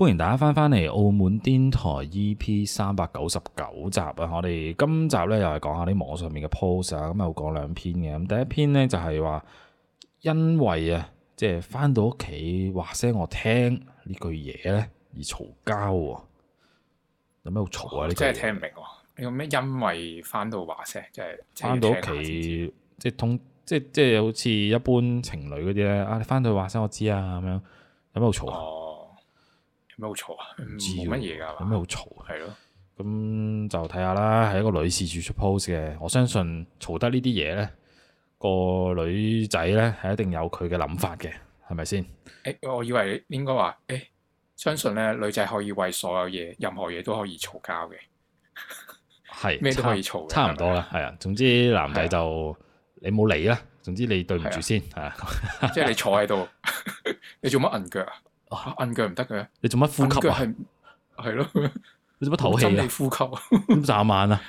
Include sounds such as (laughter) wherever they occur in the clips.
歡迎大家翻返嚟澳門癲台 EP 三百九十九集啊！我哋今集咧又係講下啲網上面嘅 post 啊，咁又講兩篇嘅。咁第一篇咧就係話，因為啊，即係翻到屋企話聲我聽句呢句嘢咧，而嘈交喎。有咩好嘈啊？你、哦、真係聽唔明喎？你講咩？因為翻到話聲，即係翻到屋企，即係通，即即係好似一般情侶嗰啲咧。啊，你翻到話聲我知啊，咁樣有咩好嘈啊？哦咩好嘈啊？唔知乜嘢噶係有咩好嘈？係咯，咁 (noise) 對就睇下啦。係一個女事主出 post 嘅，我相信嘈得呢啲嘢咧，個女仔咧係一定有佢嘅諗法嘅，係咪先？誒、欸，我以為你應該話，誒、欸，相信咧女仔可以為所有嘢，任何嘢都可以嘈交嘅，係 (laughs) 咩都可以嘈，差唔吧多啦，係啊。總之男仔就是、啊、你冇理啦，總之你對唔住、啊、先吓。即係你坐喺度， (laughs) 你做乜揞腳啊？按腳唔得嘅，你做乜呼吸啊？係係咯，你做乜唞氣呼吸咁眨眼啊？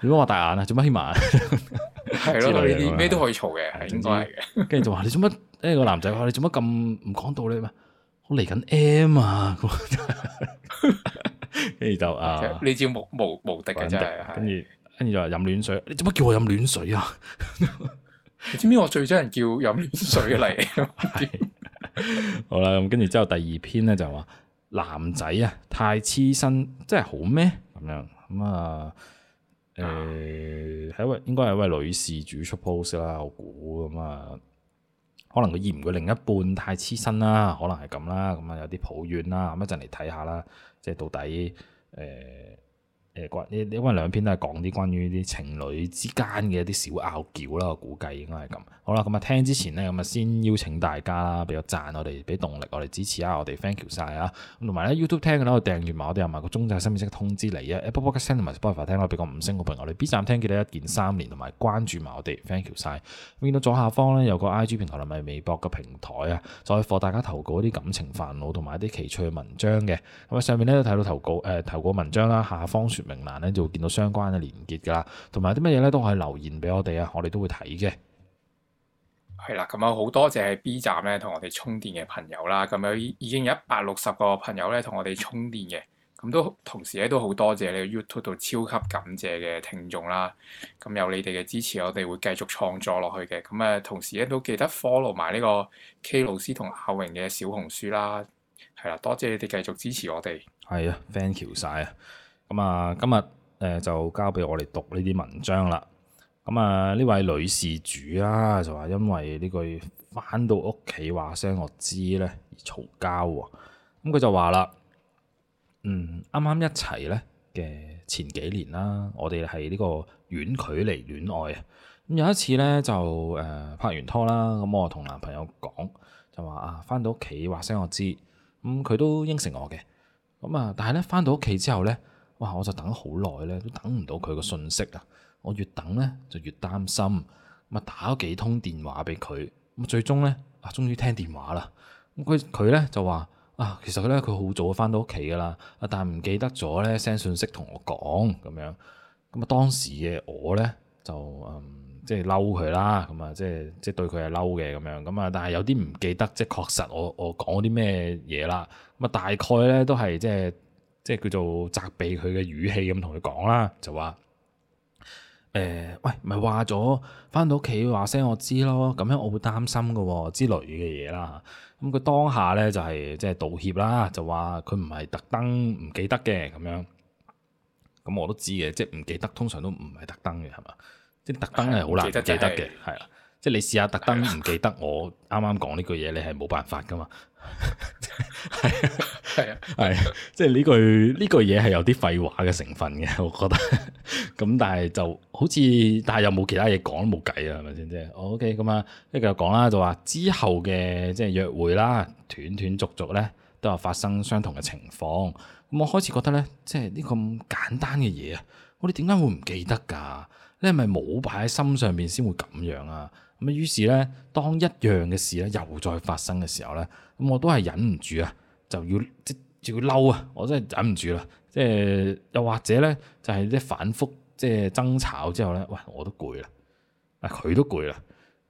點解話大眼啊？做乜起慢啊？係咯，你咩都可以嘈嘅，應該係嘅。跟住就話你做乜？誒，個男仔話你做乜咁唔講道理咩？我嚟緊 M 啊！跟住就啊，你真無無無敵嘅真係。跟住跟住又話飲暖水，你做乜叫我飲暖水啊？你知唔知我最憎人叫飲暖水嚟？ (laughs) 好啦，咁跟住之後第二篇咧就話語男仔啊太黐身，真係好咩咁樣咁啊？誒，係一位應該係一位女事主出 post 啦，我估咁啊，可能佢嫌佢另一半太黐身啦，可能係咁啦，咁啊有啲抱怨啦，咁一陣嚟睇下啦，即係到底誒。欸誒關，你你因為兩篇都係講啲關於啲情侶之間嘅一啲小拗撬啦，我估計應該係咁。好啦，咁啊聽之前咧，咁啊先邀請大家啦，俾個贊我哋，俾動力我哋支持下我哋，thank you 晒啊！咁同埋咧 YouTube 聽嘅咧，訂閱埋我哋啊，個鐘就係新消息通知你啊。Apple Podcasts 同埋 Spotify 聽嘅俾個五星嘅朋友你，B 站聽記得一鍵三連同埋關注埋我哋，thank you 曬。見到左下方咧有個 IG 平台同埋、就是、微博嘅平台啊，就可以幫大家投稿啲感情煩惱同埋一啲奇趣嘅文章嘅。咁啊上面咧都睇到投稿誒、呃、投稿文章啦，下方明欄咧就會見到相關嘅連結噶啦，同埋啲乜嘢咧都可以留言俾我哋啊，我哋都會睇嘅。係啦，咁啊好多謝 B 站咧同我哋充電嘅朋友啦，咁樣已經有一百六十個朋友咧同我哋充電嘅，咁都同時咧都好多謝你 YouTube 度超級感謝嘅聽眾啦，咁有你哋嘅支持，我哋會繼續創作落去嘅。咁啊，同時咧都記得 follow 埋呢個 K 老師同阿榮嘅小紅書啦，係啦，多謝你哋繼續支持我哋，係啊，thank you 晒啊！咁啊，今日誒就交俾我哋讀呢啲文章啦。咁啊，呢位女事主啦，就話因為呢句翻到屋企話聲我知咧而嘈交喎。咁佢就話啦，嗯，啱啱一齊咧嘅前幾年啦，我哋係呢個遠距離戀愛啊。咁有一次咧就誒拍完拖啦，咁我同男朋友講就話啊，翻到屋企話聲我知咁，佢都應承我嘅。咁啊，但係咧翻到屋企之後咧。哇！我就等咗好耐咧，都等唔到佢嘅信息啊！我越等咧就越擔心，咁啊打咗幾通電話俾佢，咁最終咧啊終於聽電話啦！咁佢佢咧就話啊，其實咧佢好早翻到屋企噶啦，啊但係唔記得咗咧 send 信息同我講咁樣，咁啊當時嘅我咧就嗯即係嬲佢啦，咁啊即係即係對佢係嬲嘅咁樣，咁啊但係有啲唔記得，即係確實我我講啲咩嘢啦，咁啊大概咧都係即係。即係叫做責備佢嘅語氣咁同佢講啦，就話：誒、欸，喂，咪話咗返到屋企話聲我知咯，咁樣我會擔心嘅喎、哦，之類嘅嘢啦。咁、嗯、佢當下咧就係、是、即係道歉啦，就話佢唔係特登唔記得嘅咁樣。咁我都知嘅，即係唔記得通常都唔係特登嘅，係、就是就是、嘛？即係特登係好難唔記得嘅，係啊！即係你試下特登唔記得我啱啱講呢句嘢，你係冇辦法噶嘛？係係啊，係， (laughs) 即係呢句呢句嘢係有啲廢話嘅成分嘅，我覺得，咁 (laughs) 但係就好似，但係又冇其他嘢講，冇計啊，係咪先啫？OK，咁啊，繼續講啦，就話、是、之後嘅即係約會啦，斷斷續續咧，都有發生相同嘅情況。咁我開始覺得咧，即係呢咁簡單嘅嘢啊，我哋點解會唔記得噶？你係咪冇擺喺心上面先會咁樣啊？咁啊，於是咧，當一樣嘅事咧又再發生嘅時候咧，咁我都係忍唔住啊！就要即要嬲啊！我真係忍唔住啦，即係又或者咧，就係啲反覆即係爭吵之後咧，喂，我都攰啦，啊佢都攰啦，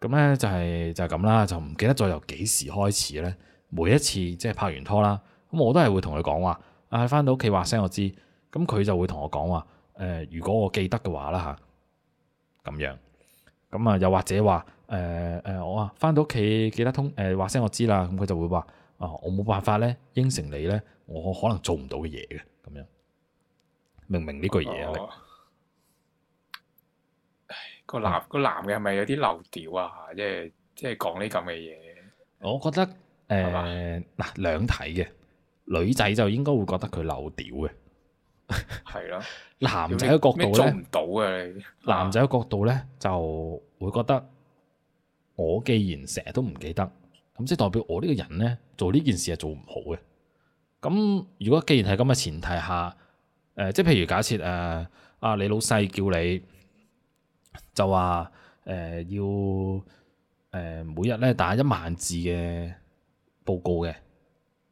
咁咧就係就係咁啦，就唔記得再由幾時開始咧。每一次即係拍完拖啦，咁我都係會同佢講話，啊翻到屋企話聲我知，咁佢就會同我講話，誒如果我記得嘅話啦吓咁樣，咁啊又或者話誒誒我啊翻到屋企記得通誒話聲我知啦，咁佢就會話。啊！我冇辦法咧，應承你咧，我可能做唔到嘅嘢嘅，咁樣，明唔明呢句嘢？唉，個男個男嘅係咪有啲漏屌啊？即係即係講呢咁嘅嘢。我覺得誒，嗱兩睇嘅女仔就應該會覺得佢漏屌嘅，係咯。男仔嘅角度咧做唔到嘅，男仔嘅角度咧就會覺得，我既然成日都唔記得。咁即係代表我呢個人咧，做呢件事係做唔好嘅。咁如果既然係咁嘅前提下，誒、呃、即係譬如假設誒阿、呃、你老細叫你，就話誒、呃、要誒、呃、每日咧，打一萬字嘅報告嘅，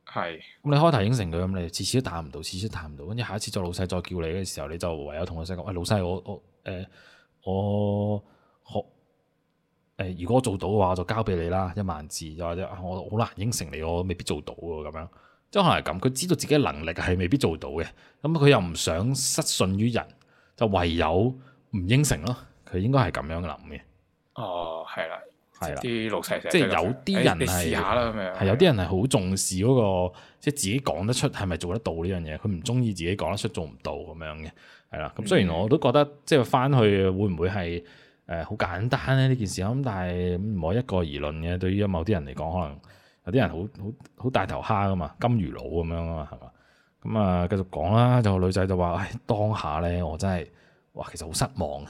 係是。咁你開頭應承佢，咁，你次次都打唔到，次次都打唔到。跟住下一次做老細再叫你嘅時候，你就唯有同老細講：喂，老細我我誒、呃、我可？學如果做到嘅話，我就交俾你啦，一萬字又或者我好難應承你，我未必做到嘅咁樣，即係可能係咁。佢知道自己嘅能力係未必做到嘅，咁佢又唔想失信於人，就唯有唔應承咯。佢應該係咁樣諗嘅。哦，係啦，係啦，啲六細即係有啲人試下係，係有啲人係好重視嗰個，即係自己講得出係咪做得到呢樣嘢？佢唔中意自己講得出做唔到咁樣嘅，係啦。咁雖然我都覺得，即係翻去會唔會係？誒，好、嗯、簡單咧呢件事咁，但係唔可一概而論嘅。對於某啲人嚟講，可能有啲人好好好大頭蝦噶嘛，金魚佬咁樣啊，係嘛咁啊。繼續講啦，就女仔就話：，唉、哎，當下咧，我真係哇，其實好失望，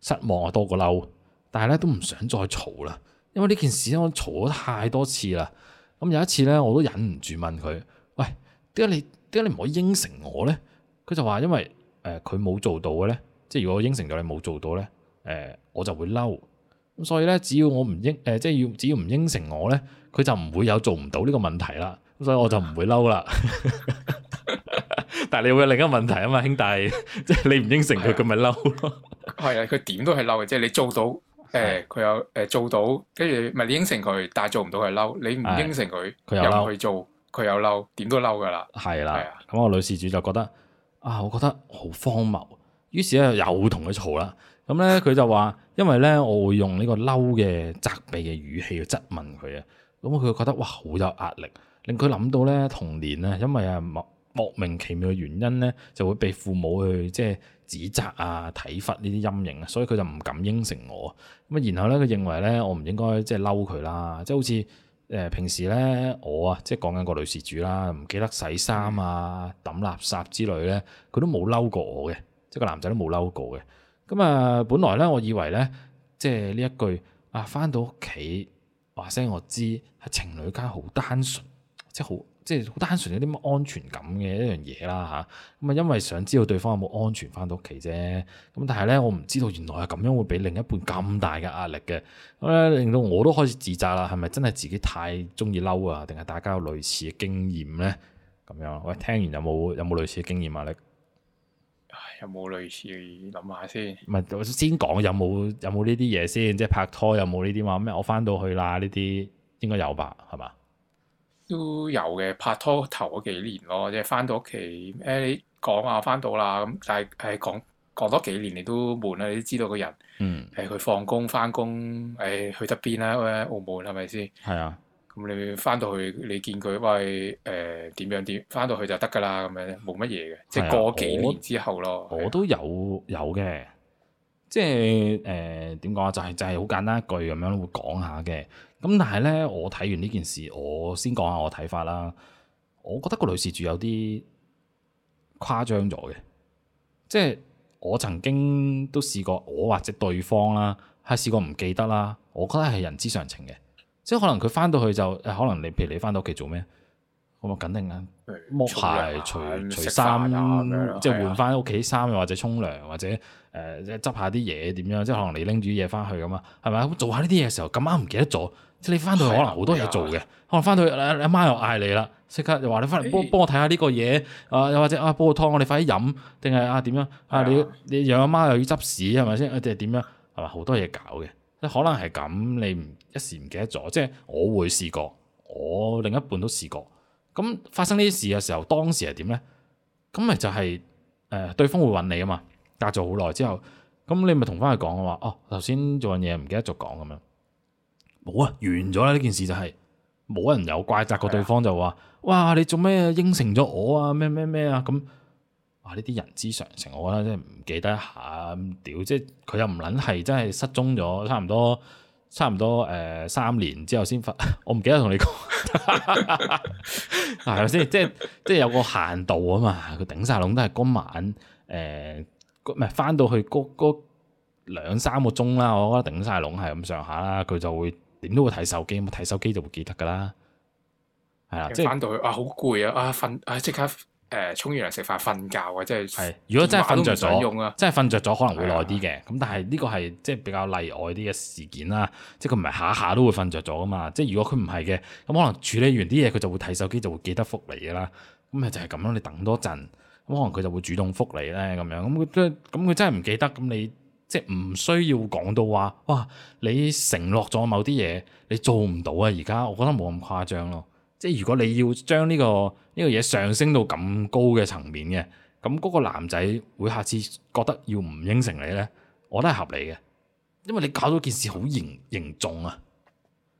失望啊多過嬲。但係咧都唔想再嘈啦，因為呢件事我嘈咗太多次啦。咁、嗯、有一次咧，我都忍唔住問佢：，喂，點解你點解你唔可以應承我咧？佢就話因為誒佢冇做到嘅咧，即係如果我應承咗你冇做到咧。誒，我就會嬲，咁所以咧，只要我唔應我，誒，即係要只要唔應承我咧，佢就唔會有做唔到呢個問題啦，咁所以我就唔會嬲啦。 (laughs) 但係你會有另一個問題啊嘛，兄弟，即係你唔應承佢，佢咪嬲咯。係啊，佢點、啊、都係嬲嘅，即係你做到，誒、欸，佢又誒，做到，跟住咪應承佢，但係做唔到佢嬲，你唔應承佢，佢、啊、又唔去做，佢又嬲，點都嬲噶啦。係啦、啊，咁、啊、我女事主就覺得啊，我覺得好荒謬，於是咧又同佢嘈啦。咁咧，佢、嗯、就話：因為咧，我會用呢個嬲嘅責備嘅語氣去質問佢啊，咁佢覺得哇，好有壓力，令佢諗到咧童年咧，因為啊莫莫名其妙嘅原因咧，就會被父母去即係指責啊、體罰呢啲陰影啊，所以佢就唔敢應承我。咁啊，然後咧，佢認為咧，我唔應該即係嬲佢啦，即係好似誒平時咧，我啊，即係講緊個女事主啦，唔記得洗衫啊、抌垃圾之類咧，佢都冇嬲過我嘅，即係個男仔都冇嬲過嘅。咁啊，本來咧，我以為咧，即係呢一句啊，翻到屋企，話聲我知，係情侶間好單純，即係好，即係好單純有啲乜安全感嘅一樣嘢啦吓，咁啊，因為想知道對方有冇安全翻到屋企啫。咁但係咧，我唔知道原來係咁樣會俾另一半咁大嘅壓力嘅。咁咧，令到我都開始自責啦。係咪真係自己太中意嬲啊？定係大家有類似嘅經驗咧？咁樣，喂，聽完有冇有冇類似嘅經驗啊？你？有冇類似諗下先？唔係，我先講有冇有冇呢啲嘢先，即係拍拖有冇呢啲話咩？我翻到去啦呢啲，應該有吧？係嘛？都有嘅，拍拖頭嗰幾年咯，即係翻到屋企，誒、哎，你講啊，翻到啦咁，但係係講講多幾年你都悶啦、啊，你都知道個人，嗯，佢放工翻工，誒、哎，去得邊啦、啊？澳門係咪先？係啊。咁你翻到去，你見佢喂誒點、呃、樣點？翻到去就得噶啦，咁樣冇乜嘢嘅，即係、啊、過幾年之後咯。我都有有嘅，即係誒點講啊？就係、是呃、就係、是、好、就是、簡單一句咁樣會講下嘅。咁但係咧，我睇完呢件事，我先講下我睇法啦。我覺得個女士住有啲誇張咗嘅，即、就、係、是、我曾經都試過，我或者對方啦，係試過唔記得啦。我覺得係人之常情嘅。即係可能佢翻到去就，可能你譬如你翻到屋企做咩？咁啊，肯定啊，剝鞋、除除衫，啊、put, 即係換翻屋企衫，又或者沖涼，或者誒、呃、執下啲嘢點樣？即係可能你拎住啲嘢翻去咁啊，係咪？做下呢啲嘢嘅時候咁啱唔記得咗，即係你翻到去可能好多嘢做嘅。可能翻到去阿、啊、媽，媽又嗌你啦，即刻又話你翻嚟幫幫我睇下呢個嘢，ä h, 啊又或者啊煲個湯，我哋快啲飲，定係啊點樣？啊，啊你你養阿媽又要執屎係咪先？定係點樣？係 s 咪 s、啊、好多嘢搞嘅。你可能係咁，你唔一時唔記得咗，即係我會試過，我另一半都試過。咁發生呢啲事嘅時候，當時係點咧？咁咪就係、是、誒、呃、對方會揾你啊嘛，隔咗好耐之後，咁你咪同翻佢講話哦，頭先做緊嘢唔記得咗講咁樣，冇啊，完咗啦呢件事就係、是、冇人有怪責過對方就話，的哇你做咩應承咗我啊？咩咩咩啊咁。呢啲、啊、人之常情，我覺得真係唔記得一下咁屌，即係佢又唔撚係真係失蹤咗，差唔多差唔多誒三年之後先瞓，我唔記得同你講係咪先？即係即係有個限度啊嘛，佢頂晒籠都係嗰晚誒，唔係翻到去嗰嗰兩三個鐘啦，我覺得頂晒籠係咁上下啦，佢、就是、就會點都會睇手機，咁睇手機就會記得㗎啦，係啦，即係翻到去、就是、啊好攰啊啊瞓啊即刻。誒，沖、呃、完涼食飯瞓覺啊，即係。如果真係瞓着咗，用啊、真係瞓着咗可能會耐啲嘅。咁的但係呢個係即係比較例外啲嘅事件啦。即係佢唔係下下都會瞓着咗啊嘛。即係如果佢唔係嘅，咁可能處理完啲嘢，佢就會睇手機就會記得復你啦。咁咪就係咁咯。你等多陣，咁可能佢就會主動復你咧咁樣。咁佢真咁佢真係唔記得咁你，即係唔需要講到話哇！你承諾咗某啲嘢，你做唔到啊？而家我覺得冇咁誇張咯。即係如果你要將呢個呢個嘢上升到咁高嘅層面嘅，咁嗰個男仔會下次覺得要唔應承你咧，我都係合理嘅，因為你搞到件事好嚴嚴重啊！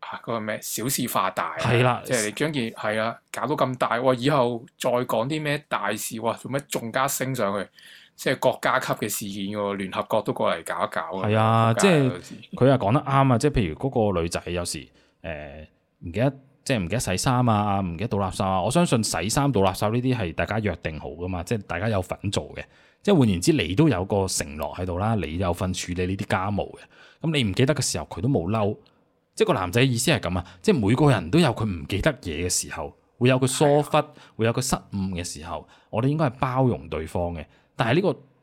啊，嗰個咩小事化大係啦，即係將件係啦，搞到咁大以後再講啲咩大事做咩仲加升上去，即係國家級嘅事件喎，聯合國都過嚟搞一搞啊！係啊，即係佢又講得啱啊！即係譬如嗰個女仔有時誒唔記得。即係唔記得洗衫啊，唔記得倒垃圾啊！我相信洗衫、倒垃圾呢啲係大家約定好㗎嘛，即係大家有份做嘅。即係換言之，你都有個承諾喺度啦，你有份處理呢啲家務嘅。咁你唔記得嘅時候，佢都冇嬲。即係個男仔意思係咁啊！即係每個人都有佢唔記得嘢嘅時候，會有佢疏忽，的會有佢失誤嘅時候，我哋應該係包容對方嘅。但係呢、呢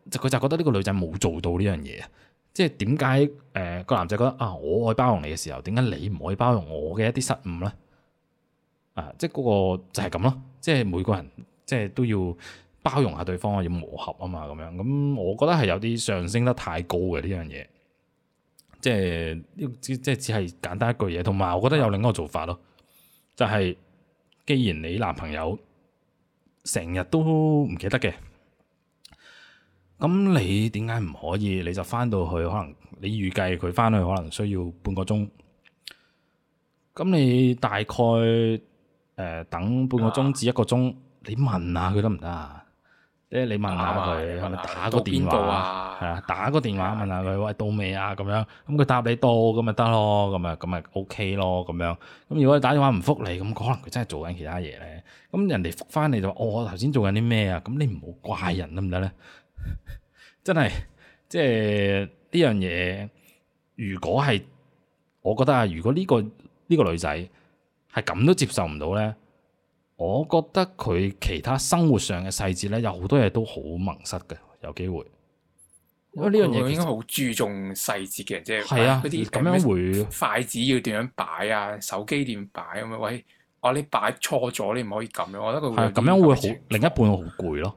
個佢就覺得呢個女仔冇做到呢樣嘢。即係點解誒個男仔覺得啊，我愛包容你嘅時候，點解你唔愛包容我嘅一啲失誤呢？啊、即係嗰個就係咁咯，即係每個人即係都要包容下對方啊，要磨合啊嘛，咁樣咁，我覺得係有啲上升得太高嘅呢樣嘢，即係即係只係簡單一句嘢。同埋我覺得有另一個做法咯，就係、是、既然你男朋友成日都唔記得嘅，咁你點解唔可以？你就翻到去，可能你預計佢翻去可能需要半個鐘，咁你大概？誒、呃、等半個鐘至一個鐘，啊、你問下佢得唔得啊？即係你問下佢，係咪打個電話啊？係咪打個電話？係啊，啊，打個電話問下佢，喂到未啊？咁樣咁佢答你到咁咪得咯，咁啊咁咪 OK 咯，咁樣咁如果你打電話唔復你，咁可能佢真係做緊其他嘢咧。咁人哋覆返你就話、哦，我頭先做緊啲咩啊？咁你唔好怪人得唔得咧？行行 (laughs) 真係即係呢樣嘢，如果係我覺得啊，如果呢、呢個呢、呢個女仔。係咁都接受唔到咧，我覺得佢其他生活上嘅細節咧，有好多嘢都好矇塞嘅，有機會。因為呢樣嘢應該好注重細節嘅人，即係嗰啲咁樣會筷子要點樣擺啊，手機點擺咁樣。喂，哦，你擺錯咗，你唔可以咁樣。我覺得佢係咁樣會好，另一半會好攰咯。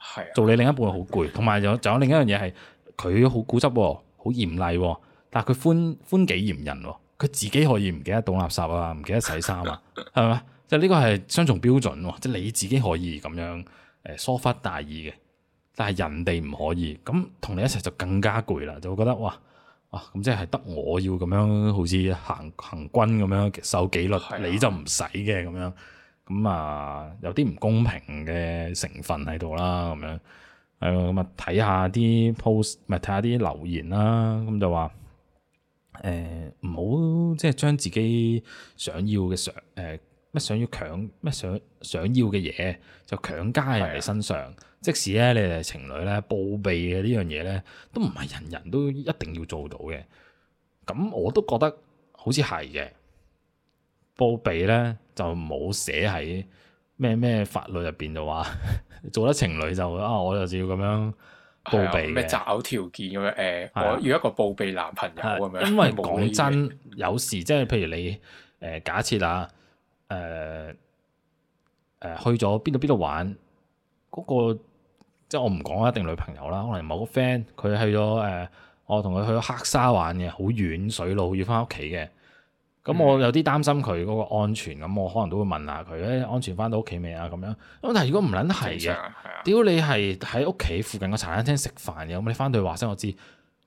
係啊，做你另一半會好攰，同埋 (laughs) 有仲有另一樣嘢係佢好固執、好嚴厲，但係佢寬寬幾嚴人喎。佢自己可以唔記得倒垃圾啊，唔記得洗衫啊，係咪？ (laughs) 即係呢個係雙重標準喎，即係你自己可以咁樣誒疏忽大意嘅，但係人哋唔可以，咁同你一齊就更加攰啦，就會覺得哇哇咁、啊、即係得我要咁樣好似行行軍咁樣守紀律，你就唔使嘅咁樣，咁啊有啲唔公平嘅成分喺度啦，咁樣係啊咁啊睇下啲 post 咪睇下啲留言啦，咁就話。誒，唔好即係將自己想要嘅想誒乜想要強乜想想要嘅嘢，就強加喺人哋身上。的即使咧你哋係情侶咧報備嘅呢樣嘢咧，都唔係人人都一定要做到嘅。咁我都覺得好似係嘅，報備咧就冇寫喺咩咩法律入邊就話，做得情侶就會啊我就要咁樣。咩擇偶條件咁樣？誒、呃，的我要一個報備男朋友咁樣。的 (laughs) 因為講真， (laughs) 有時即係譬如你誒、呃、假設啊，誒、呃、誒、呃、去咗邊度邊度玩，嗰、那個即係我唔講一定女朋友啦，可能某個 friend 佢去咗誒、呃，我同佢去咗黑沙玩嘅，好遠水路要返屋企嘅。咁、嗯、我有啲擔心佢嗰個安全，咁我可能都會問下佢誒，安全翻到屋企未啊？咁樣，咁但係如果唔撚係嘅，屌你係喺屋企附近個茶餐廳食飯嘅，咁你翻對話聲我知，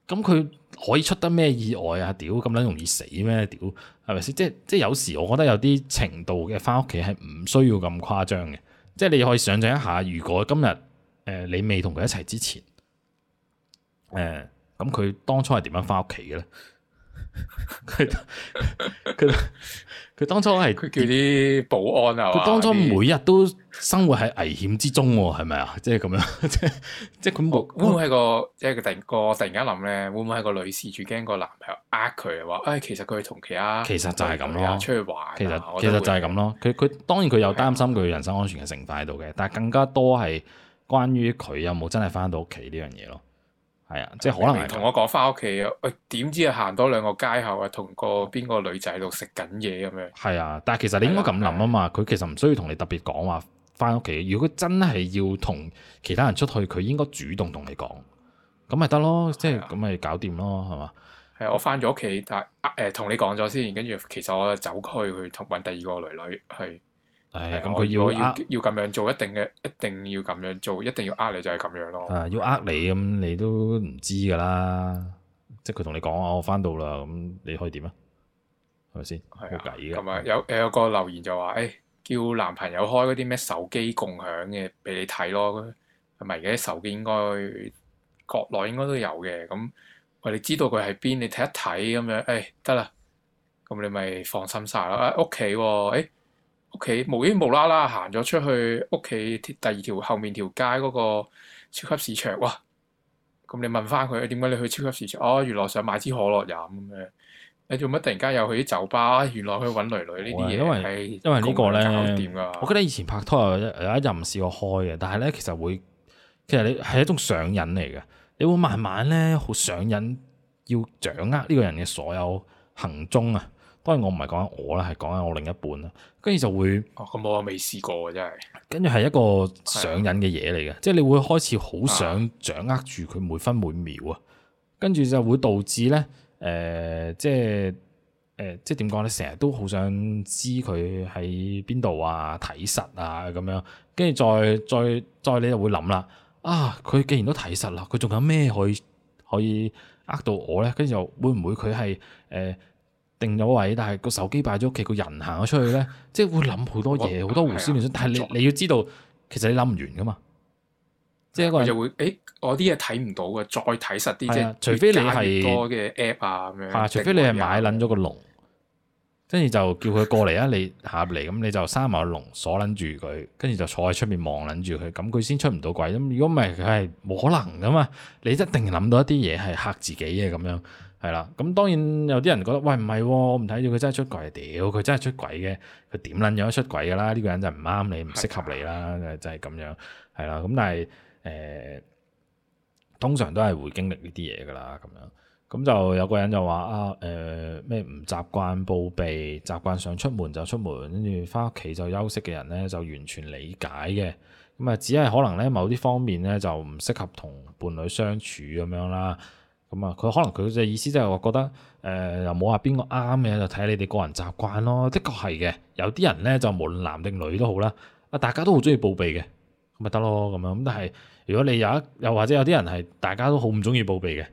咁佢可以出得咩意外啊？屌咁撚容易死咩？屌係咪先？即係即係有時我覺得有啲程度嘅翻屋企係唔需要咁誇張嘅，即係你可以想像一下，如果今日誒、呃、你未同佢一齊之前，誒咁佢當初係點樣翻屋企嘅咧？佢佢佢當初係叫啲保安啊，佢當初每日都生活喺危險之中喎，係咪啊？即係咁樣，即即咁會會唔會係個即係佢突然個突然間諗咧？會唔會係個女事主驚個男朋友呃佢啊？話哎，其實佢同其他其實就係咁咯，出去玩，其實其實就係咁咯。佢佢實當然佢有擔心佢人身安全嘅成敗喺度嘅，但係更加多係關於佢有冇真係翻到屋企呢樣嘢咯。係啊，即係可能你同我講翻屋企，啊、哎，喂，點知行多兩個街口啊，同個邊個女仔喺度食緊嘢咁樣？係啊，但係其實你應該咁諗啊嘛，佢其實唔需要同你特別講話翻屋企。如果佢真係要同其他人出去，佢應該主動同你講，咁咪得咯，即係咁咪搞掂咯，係嘛？係啊，我翻咗屋企，但係誒同你講咗先，跟住其實我就走開去同搵第二個女女去。誒，咁佢、哎、要要咁樣做，一定嘅，一定要咁樣做，一定要呃你就，就係咁樣咯。啊，要呃你咁，你都唔知噶啦，嗯、即係佢同你講啊，我翻到啦，咁你可以點啊？係咪先？冇計嘅。同埋、嗯、有誒有個留言就話，誒、哎、叫男朋友開嗰啲咩手機共享嘅俾你睇咯，係咪嘅？手機應該國內應該都有嘅，咁你知道佢喺邊，你睇一睇咁樣，誒得啦，咁你咪放心晒、哎、咯。啊屋企喎，誒。屋企無端無啦啦行咗出去屋企第二條後面條街嗰個超級市場哇！咁你問翻佢點解你去超級市場？哦，原來想買支可樂飲嘅。你做乜突然間又去啲酒吧？原來去揾女女呢啲嘢係因為，因為個呢個咧，點我覺得以前拍拖有一任試過開嘅，但係咧其實會其實你係一種上癮嚟嘅，你會慢慢咧好上癮，要掌握呢個人嘅所有行蹤啊！當然我唔係講緊我啦，係講緊我另一半啦，跟住就會。咁、哦、我未試過真係。跟住係一個上癮嘅嘢嚟嘅，係嘅即係你會開始好想掌握住佢每分每秒啊，跟住就會導致咧，誒、呃、即係誒、呃、即係點講咧？成日都好想知佢喺邊度啊，睇實啊咁樣，跟住再再再你又會諗啦，啊佢既然都睇實啦，佢仲有咩可以可以呃到我咧？跟住就會唔會佢係誒？呃定咗位，但係個手機擺咗屋企，個人行咗出去咧， (laughs) 即係會諗好多嘢，好我多胡思亂想。的但係你你要知道，其實你諗唔完噶嘛。啊、即係一個人就會誒、欸，我啲嘢睇唔到嘅，再睇實啲即係。除非你係多嘅 app 啊，咁樣。啊，除非你係買捻咗個籠，跟住、啊、 (laughs) 就叫佢過嚟啊，你下嚟咁，你就閂埋個籠鎖捻住佢，跟住就坐喺出面望捻住佢，咁佢先出唔到鬼。咁如果唔係，佢係冇可能噶嘛。你一定諗到一啲嘢係嚇自己嘅咁樣。係啦，咁當然有啲人覺得喂，唔係，我唔睇住佢真係出軌，屌佢真係出軌嘅，佢點撚樣出軌噶啦？呢，這個人就唔啱你，唔適合你啦，的就真係咁樣，係啦。咁但係誒、呃，通常都係會經歷呢啲嘢噶啦，咁樣咁就有個人就話啊，誒咩唔習慣報備，習慣想出門就出門，跟住返屋企就休息嘅人咧，就完全理解嘅。咁啊，只係可能咧某啲方面咧就唔適合同伴侶相處咁樣啦。咁啊，佢可能佢嘅意思即係我覺得，誒、呃、又冇話邊個啱嘅，就睇下你哋個人習慣咯。的確係嘅，有啲人咧就無論男定女都好啦，啊大家都好中意報備嘅，咁咪得咯咁樣。咁但係如果你有一，又或者有啲人係大家都好唔中意報備嘅，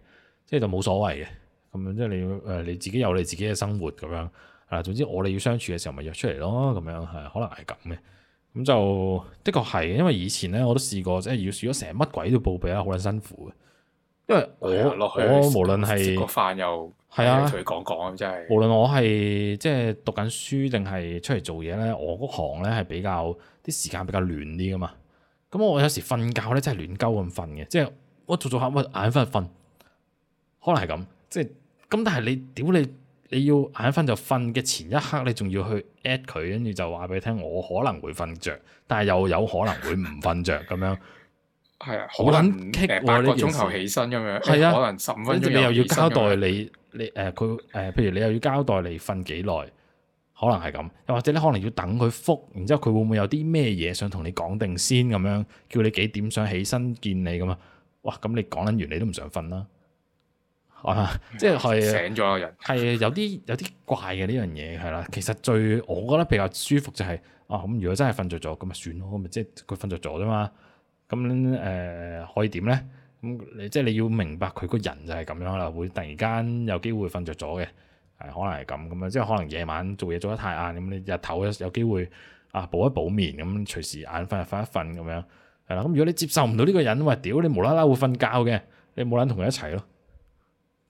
即係就冇所謂嘅。咁樣即係你誒你自己有你自己嘅生活咁樣啊。總之我哋要相處嘅時候咪約出嚟咯。咁樣係可能係咁嘅。咁就的確係，因為以前咧我都試過，即係要試咗成日乜鬼都報備啦，好撚辛苦嘅。因為我落去我無論係食個飯又係啊，隨講講真係。無論我係即係讀緊書定係出嚟做嘢咧，我嗰行咧係比較啲時間比較亂啲噶嘛。咁我有時瞓覺咧真係亂鳩咁瞓嘅，即係我做做下，我眼瞓就瞓，可能係咁。即係咁，但係你屌你，你要眼瞓就瞓嘅前一刻，你仲要去 at 佢，跟住就話俾佢聽，我可能會瞓着，但係又有可能會唔瞓着咁樣。 (laughs) 係啊，好難。五個鐘頭起身咁樣，係啊，可能十五分鐘你、啊、又要交代你，樣你誒，佢、呃、誒，譬如你又要交代你瞓幾耐，可能係咁，又或者你可能要等佢覆，然之後佢會唔會有啲咩嘢想同你講定先咁樣，叫你幾點想起身見你咁啊？哇，咁、嗯、你講緊完你都唔想瞓啦，係、啊、即係、呃、醒咗是是人，係有啲有啲怪嘅呢樣嘢係啦。其實最我覺得比較舒服就係、是，啊咁如果真係瞓着咗咁咪算咯，咪即係佢瞓着咗啫嘛。啊啊啊啊啊咁誒可以點咧？咁你即係你要明白佢個人就係咁樣啦，會突然間有機會瞓着咗嘅，係可能係咁咁樣，即係可能夜晚做嘢做得太晏咁，你日頭有有機會啊補一補眠咁，隨時眼瞓瞓一瞓咁樣係啦。咁如果你接受唔到呢個人，咪屌你無啦啦會瞓覺嘅，你冇撚同佢一齊咯，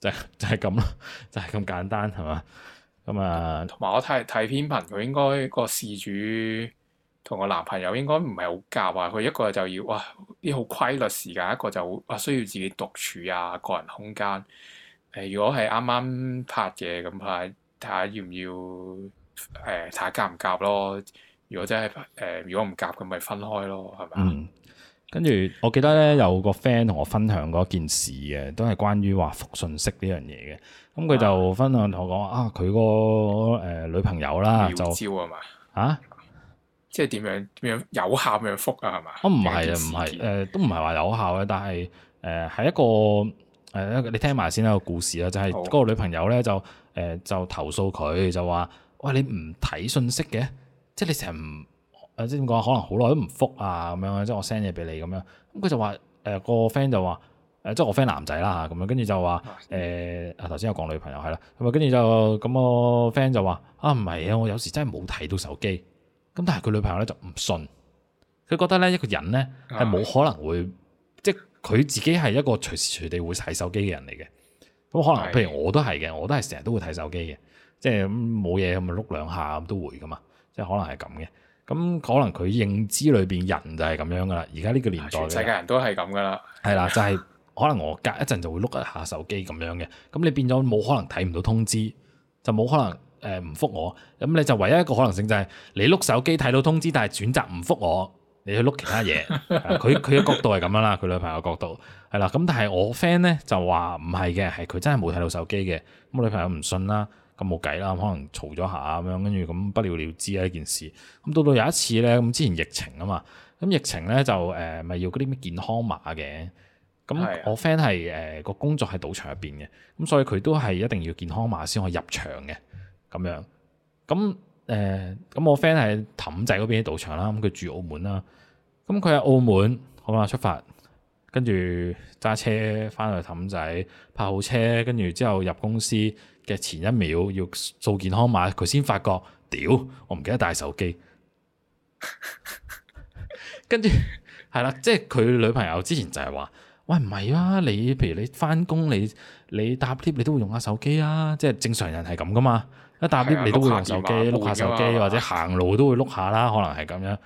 就就係咁咯，就係咁簡單係嘛？咁啊，同埋我睇睇篇文，佢應該個事主。同個男朋友應該唔係好夾啊！佢一個就要哇啲好規律時間，一個就哇需要自己獨處啊，個人空間。誒、呃，如果係啱啱拍嘅咁，睇睇下要唔要誒睇下夾唔夾咯。如果真係誒、呃，如果唔夾咁，咪分開咯，係咪？嗯。跟住我記得咧有個 friend 同我分享過一件事嘅，都係關於話覆信息呢樣嘢嘅。咁佢、啊、就分享同我講啊，佢個誒、呃、女朋友啦就招係嘛啊？即係點樣點樣有效點樣復啊？係嘛？哦 (laughs) 時，唔係啊，唔係誒，都唔係話有效嘅。但係誒係一個誒、呃，你聽埋先啦。個故事啊，就係、是、嗰個女朋友咧就誒、呃、就投訴佢，就話：喂、呃，你唔睇信息嘅，即係你成日唔誒即係點講？可能好耐都唔復啊咁樣，即係我 send 嘢俾你咁樣。咁佢就話誒個 friend 就話誒即係我 friend 男仔啦嚇咁樣，跟住就話誒啊頭先有講女朋友係啦，咁啊跟住就咁個 friend 就話啊唔係啊，我有時真係冇睇到手機。Do antenna 容 S 2 sovere troisième 咁但係佢女朋友咧就唔信，佢覺得咧一個人咧係冇可能會，嗯、即係佢自己係一個隨時隨地會睇手機嘅人嚟嘅。咁可能譬如我都係嘅，我都係成日都會睇手機嘅，即係冇嘢咁咪碌兩下咁都會㗎嘛，即係可能係咁嘅。咁可能佢認知裏邊人就係咁樣㗎喇。而家呢個年代，全世界人都係咁㗎喇。係啦，就係、是、可能我隔一陣就會碌一下手機咁樣嘅。咁你變咗冇可能睇唔到通知，就冇可能。誒，唔覆我，咁你就唯一一個可能性就係你碌手機睇到通知，但係轉擇唔覆我，你去碌其他嘢。佢佢嘅角度係咁樣啦，佢女朋友角度係啦。咁但係我 friend 咧就話唔係嘅，係佢真係冇睇到手機嘅。咁我女朋友唔信啦，咁冇計啦，可能嘈咗下咁樣，跟住咁不了了之呢、啊、件事。咁到到有一次咧，咁之前疫情啊嘛，咁疫情咧就誒咪、呃、要嗰啲咩健康碼嘅。咁我 friend 係誒個工作喺賭場入邊嘅，咁所以佢都係一定要健康碼先可以入場嘅。咁樣，咁誒，咁、呃、我 friend 喺氹仔嗰邊賭場啦，咁佢住澳門啦，咁佢喺澳門好啦出發，跟住揸車翻去氹仔，泊好車，跟住之後入公司嘅前一秒要掃健康碼，佢先發覺，屌，我唔記得帶手機， (laughs) 跟住係啦，即係佢女朋友之前就係話。喂，唔係啊！你譬如你翻工，你你搭 lift，你都會用下手機啊！即係正常人係咁噶嘛。一搭 lift，你都會用手機碌下，下手機，或者行路都會碌下啦。可能係咁樣啊。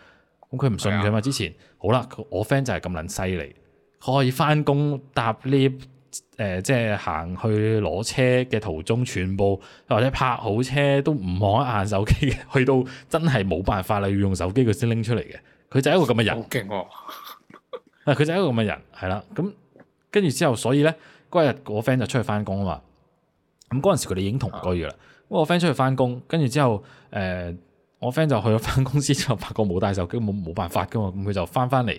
咁佢唔信佢嘛？的之前好啦，我 friend 就係咁撚犀利，佢可以翻工搭 lift，誒即係行去攞車嘅途中，全部或者泊好車都唔望一眼手機。去到真係冇辦法啦，要用手機佢先拎出嚟嘅。佢就係一個咁嘅人。好勁喎！佢就係一個咁嘅人。係啦，咁跟住之後，所以咧嗰日我 friend 就出去翻工啊嘛，咁嗰陣時佢哋已經同居啦。我 friend 出去翻工，跟住之後，誒、呃，我 friend 就去咗翻公司之後，發覺冇帶手機，冇冇辦法噶嘛，咁佢就翻翻嚟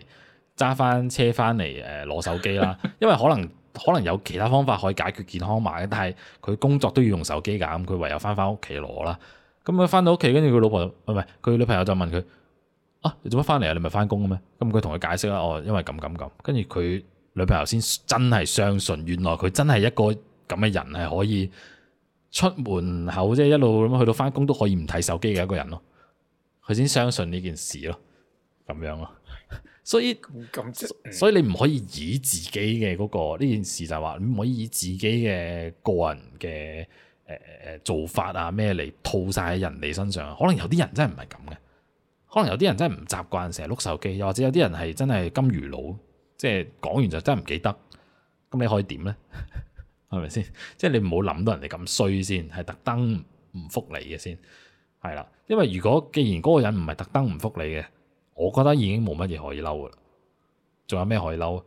揸翻車翻嚟誒攞手機啦。因為可能可能有其他方法可以解決健康碼嘅，但係佢工作都要用手機噶，咁佢唯有翻翻屋企攞啦。咁佢翻到屋企，跟住佢老婆唔係佢女朋友就問佢。啊！你做乜翻嚟啊？你咪係翻工嘅咩？咁佢同佢解釋啦。哦，因為咁咁咁。跟住佢女朋友先真係相信，原來佢真係一個咁嘅人，係可以出門口即係一路咁去到翻工都可以唔睇手機嘅一個人咯。佢先相信呢件事咯，咁樣咯。所以，所以你唔可以以自己嘅嗰個呢件事就係話你唔可以以自己嘅個人嘅誒誒做法啊咩嚟套晒喺人哋身上。可能有啲人真係唔係咁嘅。可能有啲人真係唔習慣成日碌手機，又或者有啲人係真係金魚佬，即係講完就真係唔記得。咁你可以點呢？係咪先？ (laughs) 即係你唔好諗到人哋咁衰先，係特登唔覆你嘅先，係啦。因為如果既然嗰個人唔係特登唔覆你嘅，我覺得已經冇乜嘢可以嬲噶啦。仲有咩可以嬲？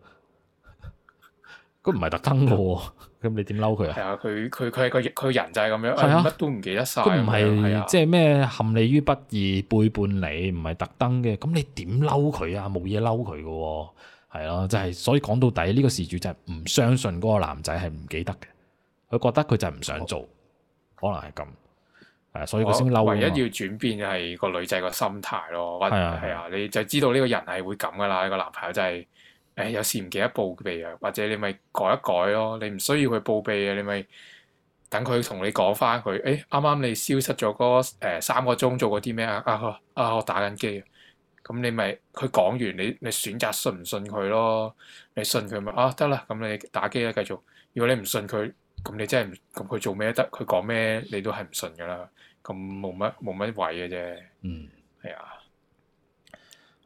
佢唔係特登嘅，咁 (laughs) (laughs) 你點嬲佢啊？係啊，佢佢佢係個佢人就係咁樣，乜都唔記得晒。佢唔係即係咩，陷你於不義，背叛你，唔係特登嘅。咁你點嬲佢啊？冇嘢嬲佢嘅，係咯，就係所以講到底呢、呢個事主就係唔相信嗰個男仔係唔記得嘅，佢覺得佢就係唔想做，好可能係咁係啊，所以佢先嬲。唯一要轉變係個女仔個心態咯，或係啊，啊，啊，你就知道呢個人係會咁噶啦，呢個男朋友就係。 (laughs) (laughs) 誒、哎、有時唔記得報備啊，或者你咪改一改咯。你唔需要去報備嘅，你咪等佢同你講翻佢。誒啱啱你消失咗嗰、呃、三個鐘做過啲咩啊？啊啊，啊我打緊機、啊，咁、嗯、你咪佢講完你你選擇信唔信佢咯？你信佢咪啊得啦，咁、嗯、你打機啦繼續。如果你唔信佢，咁你真係咁佢做咩得？佢講咩你都係唔信㗎啦。咁冇乜冇乜謂嘅啫。嗯，係啊。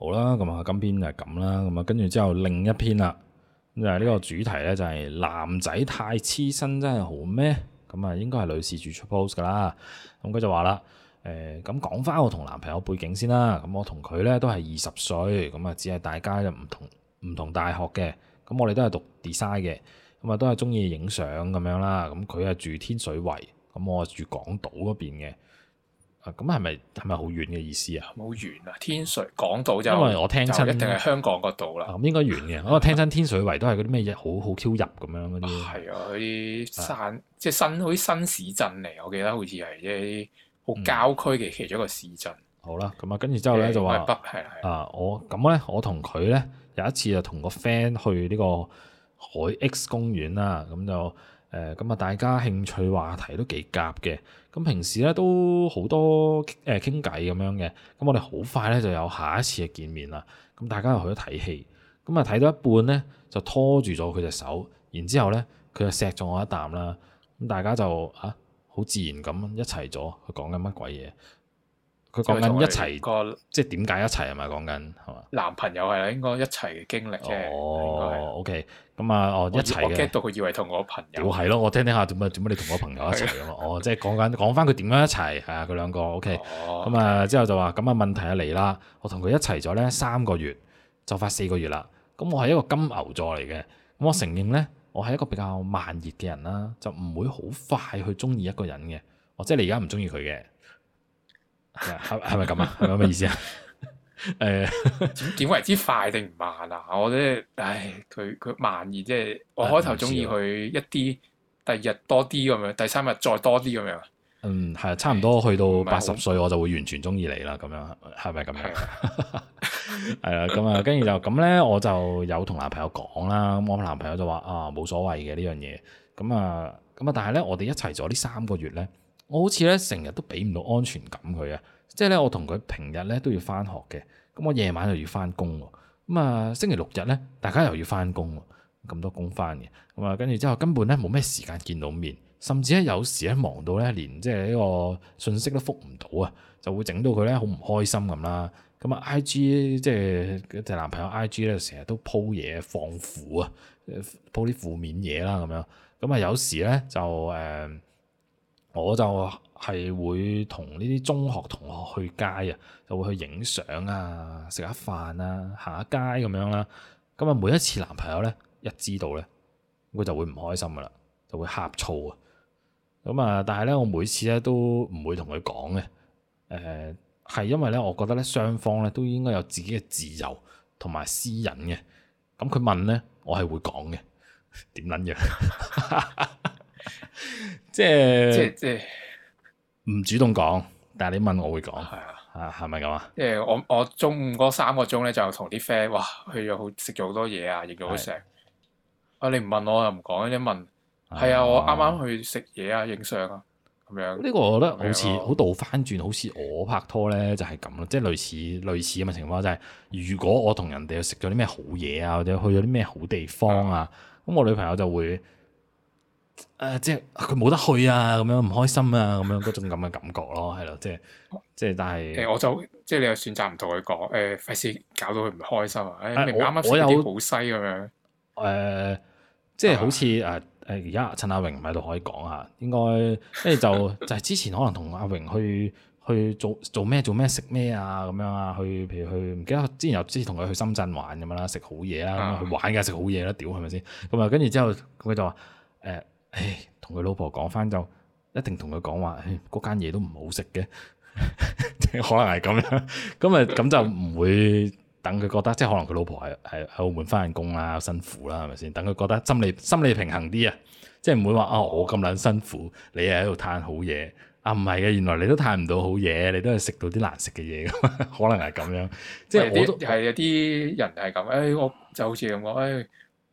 好啦，咁啊，今篇就係咁啦，咁啊，跟住之後另一篇啦，咁就係呢個主題咧、就係，就係男仔太黐身真係好咩？咁啊，應該係女士住出 post 噶啦，咁佢就話啦，誒、呃，咁講翻我同男朋友背景先啦，咁我同佢咧都係二十歲，咁啊，只係大家就唔同唔同大學嘅，咁我哋都係讀 design 嘅，咁啊都係中意影相咁樣啦，咁佢係住天水圍，咁我住港島嗰邊嘅。啊，咁係咪係咪好遠嘅意思啊？好遠啊，天水港島就，因為我聽親，就一定係香港個島啦。咁應該遠嘅，我聽親天水圍都係嗰啲咩嘢，好好超入咁樣嗰啲。係啊，嗰啲山，即係新嗰啲新市鎮嚟，我記得好似係即係好郊區嘅其中一個市鎮，嗯嗯。好啦，咁啊，跟住之後咧就話，北係啊，啊我咁咧，我同佢咧有一次就同個 friend 去呢個海 X 公園啦，咁就誒咁啊，大家興趣話題都幾夾嘅。咁平時咧都好多誒傾偈咁樣嘅，咁我哋好快咧就有下一次嘅見面啦。咁大家又去咗睇戲，咁啊睇到一半咧就拖住咗佢隻手，然之後咧佢就錫咗我一啖啦。咁大家就啊，好自然咁一齊咗，佢講緊乜鬼嘢？佢講緊一齊，個即係點解一齊啊？咪講緊係嘛？男朋友係啊，應該一齊經歷啫。哦，OK，咁啊，哦一齊嘅。我到佢以為同我朋友。係咯，我聽聽下點乜點乜？你同我朋友一齊啊？哦，即係講緊講翻佢點樣一齊係啊？佢兩個 OK。哦。咁啊，之後就話咁啊，問題嚟啦。我同佢一齊咗咧三個月，就快四個月啦。咁我係一個金牛座嚟嘅。咁我承認咧，我係一個比較慢熱嘅人啦，就唔會好快去中意一個人嘅。或者你而家唔中意佢嘅。係係咪咁啊？係咪咁嘅意思啊？誒，點點為之快定唔慢啊？我覺得唉，佢佢慢而即係我開頭中意佢一啲，第二日多啲咁樣，第三日再多啲咁樣。嗯，係啊，差唔多去到八十歲，我就會完全中意你啦。咁樣係咪咁樣？係啦，咁是啊, (laughs) 啊，跟住 (laughs) 就咁咧，我就有同男朋友講啦。咁我男朋友就話啊，冇所謂嘅呢樣嘢。咁啊，咁啊，但係咧，我哋一齊咗呢三個月咧。我好似咧成日都俾唔到安全感佢啊，即係咧我同佢平日咧都要返學嘅，咁我夜晚又要返工，咁啊星期六日咧大家又要返工，咁多工返嘅，咁啊跟住之後根本咧冇咩時間見到面，甚至咧有時咧忙到咧連即係呢個信息都覆唔到啊，就會整到佢咧好唔開心咁啦，咁啊 I G 即係佢男朋友 I G 咧成日都鋪嘢放負啊，鋪啲負面嘢啦咁樣，咁啊有時咧就誒。呃我就係會同呢啲中學同學去街啊，就會去影相啊，食下飯啊，行下街咁樣啦。咁啊，每一次男朋友咧一知道咧，佢就會唔開心㗎喇，就會呷醋啊。咁啊，但係咧，我每次咧都唔會同佢講嘅。誒，係因為咧，我覺得咧，雙方咧都應該有自己嘅自由同埋私隱嘅。咁佢問咧，我係會講嘅。點撚樣？ (laughs) (laughs) 即係是即係是唔主動講，但係你問我會講，係咪咁啊？是是即係我我中午嗰三個鐘咧就同啲 friend 哇去咗好食咗好多嘢啊，亦都好食。」啊你唔問我又唔講，一問係啊，啊，我啱啱去食嘢啊，影相啊，咁樣呢個我覺得好似、啊、好倒翻轉，好似我拍拖咧就係咁咯，即、就、係、是、類似類似咁嘅情況就係、是，如果我同人哋去食咗啲咩好嘢啊，或者去咗啲咩好地方啊，咁我女朋友就會。誒、呃，即係佢冇得去啊，咁樣唔開心啊，咁樣嗰種咁嘅感覺咯，係咯，即係即係，但係、欸、我就即係你又選擇唔同佢講，誒、呃，費事搞到佢唔開心啊，誒、欸，啱啱食啲好西咁樣，誒、呃，即係好似誒誒，而家的、呃、趁阿榮唔喺度可以講啊。應該即係就就係、是、之前可能同阿榮去去做做咩做咩食咩啊，咁樣啊，去譬如去唔記得之前有之前同佢去深圳玩咁樣啦，食好嘢啦，去玩嘅食好嘢啦，屌係咪先？咁啊，跟住之後咁佢就話誒。嗯嗯嗯誒，同佢老婆講返就一定同佢講話，嗰間嘢都唔好食嘅， (laughs) 可能係咁樣。咁啊咁就唔會等佢覺得，即係可能佢老婆係係喺澳門返緊工啦，辛苦啦，係咪先？等佢覺得心理心理平衡啲啊，即係唔會話啊我咁撚辛苦，你又喺度嘆好嘢。啊唔係嘅，原來你都嘆唔到好嘢，你都係食到啲難食嘅嘢。 (laughs) 可能係咁樣，即係是我係都有啲人係咁。誒，我就好似咁講，誒、哎。